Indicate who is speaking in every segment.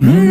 Speaker 1: Mm-hmm.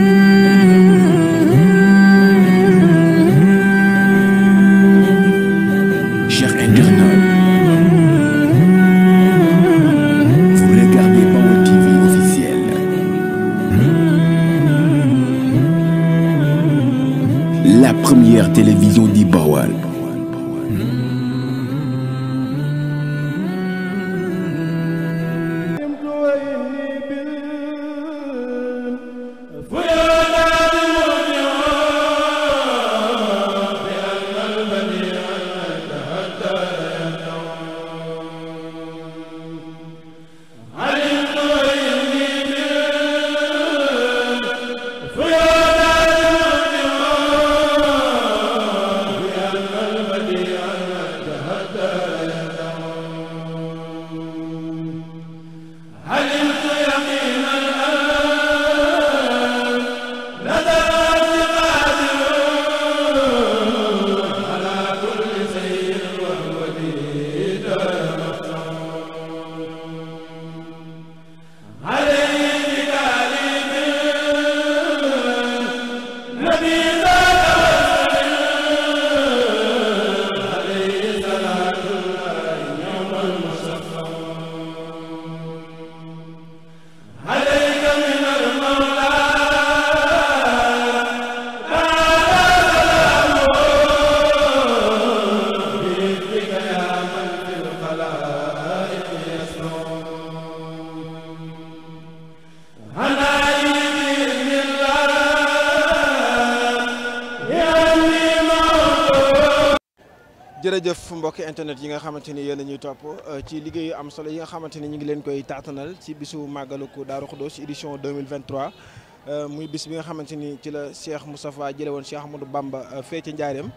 Speaker 2: jërëjëf mbokki internet yi nga xamante ni yéen a ñuy topp euh, ci liggéeyu am solo yi nga xamante ni ñu ngi leen koy taatanal ci bisu màggaluku Daaru Xudoos édition 2023 euh, muy bis bi nga xamante ni ci la Cheikh Moustapha jële woon Cheikh Ahmadou Bamba euh, fee ci Njaareem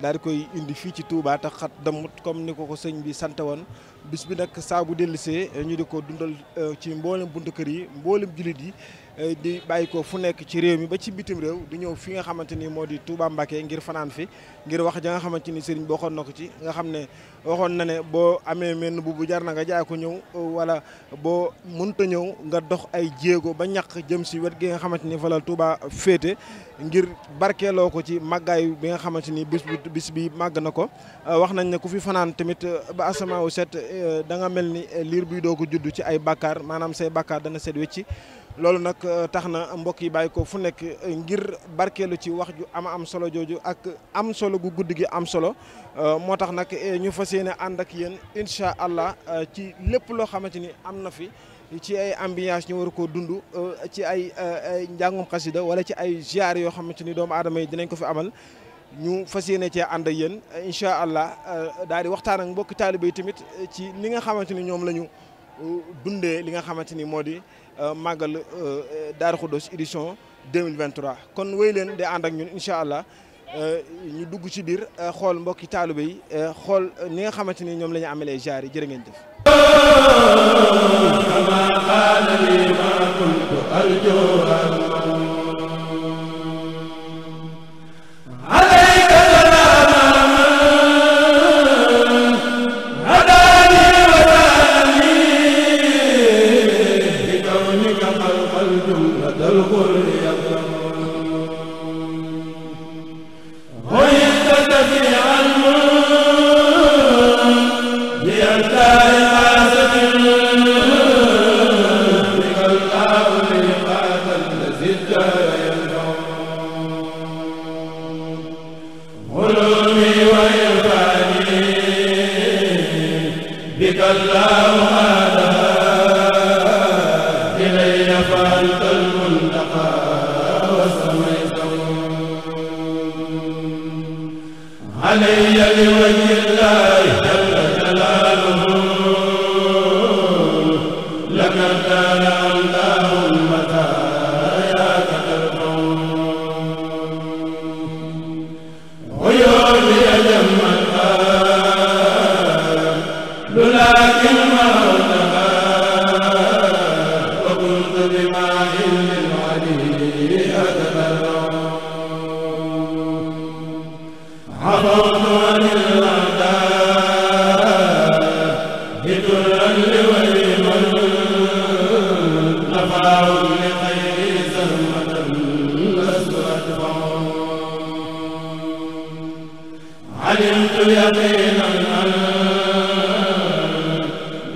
Speaker 2: daal di koy indi fii ci tuubaa tax xat damut comme ni ko ko sëñ bi sant woon bis bi nag saabu bu dellusee ñu di ko dundal ci mboolem buntu kër yi mboolem jullit yi Eh, di bàyyi ko fu nekk ci réew mi ba ci bitim réew di ñëw fi nga xamante ni moo di Touba Mbacké ngir fanaan fi ngir wax ja nga xamante ni sëriñ bokkoon na ko ci nga xam ne waxoon na ne boo amee menn bu bu jar na nga jaay ko ñëw wala boo mënta ñëw nga dox ay jéego ba ñàq jëm si wet gi nga xamante ni fa la Touba féete ngir barkeeloo ko ci màggaay bi nga xamante ni bis bu bis bi màgg na ko eh, wax nañ ne ku fi fanaan tamit eh, ba asamaaw set da nga mel ni liir buy doo ko judd ci ay bàkkaar maanaam say bàkkaar dana set wecci loolu nag euh, tax na mbokk yi bàyyi ko fu nekk euh, ngir barkeelu ci wax ju ama am solo jooju ak am solo gu guddi gi am solo euh, moo tax nag ñu fas yéene ànd ak yéen incha allah ci lépp loo xamante ni am na fi ci ay ambiance ñu war koo dund ci ay njàngum xasida wala ci ay ziar yoo xamante ni doomu aadama yi dinañ ko fi amal ñu fas yéene cee ànd ak yéen incha allah daal di waxtaan ak mbokki taalibe yi tamit ci li nga xamante ni ñoom la ñu. dundee li nga xamante ni moo di euh, màggal euh, Daaru Xudoos édition 2023 kon wéy leen de ànd ak ñun incha allah euh, ñu dugg ci biir xool mbokki taalibe yi xool ni nga xamante ni ñoom la ñu amalee jaar yi jërë jëf
Speaker 3: zidda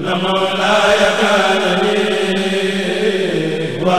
Speaker 3: la mawlaaya kaana li wa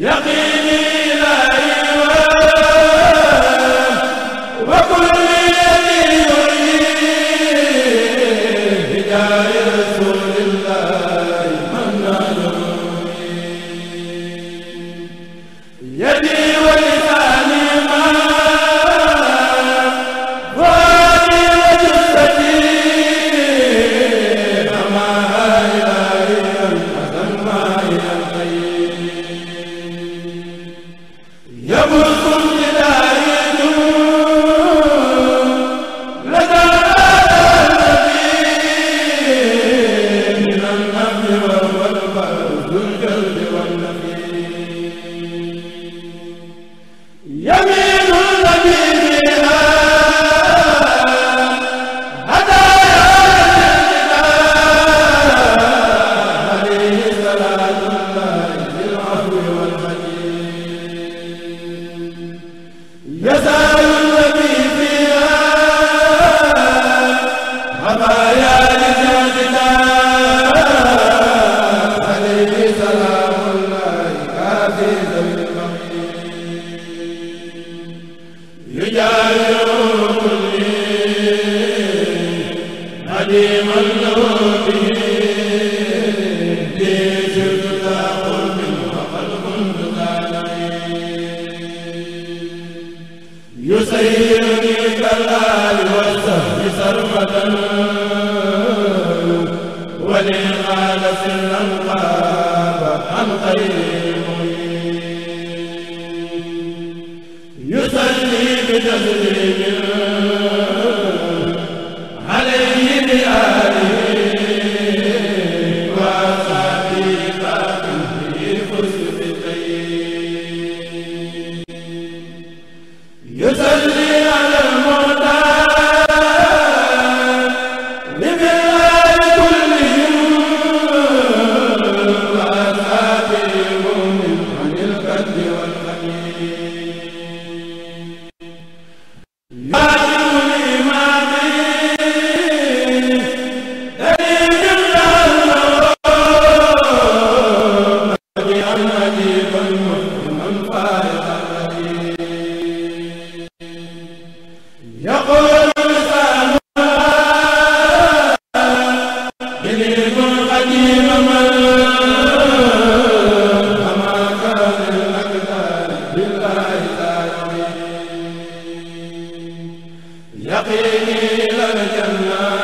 Speaker 1: Yadin! Yemin! يسيرني كالآل والسهر سرمدا
Speaker 3: ولي قال سرا غاب عن يسلي
Speaker 1: يصلي بتسليم
Speaker 3: إليه إلى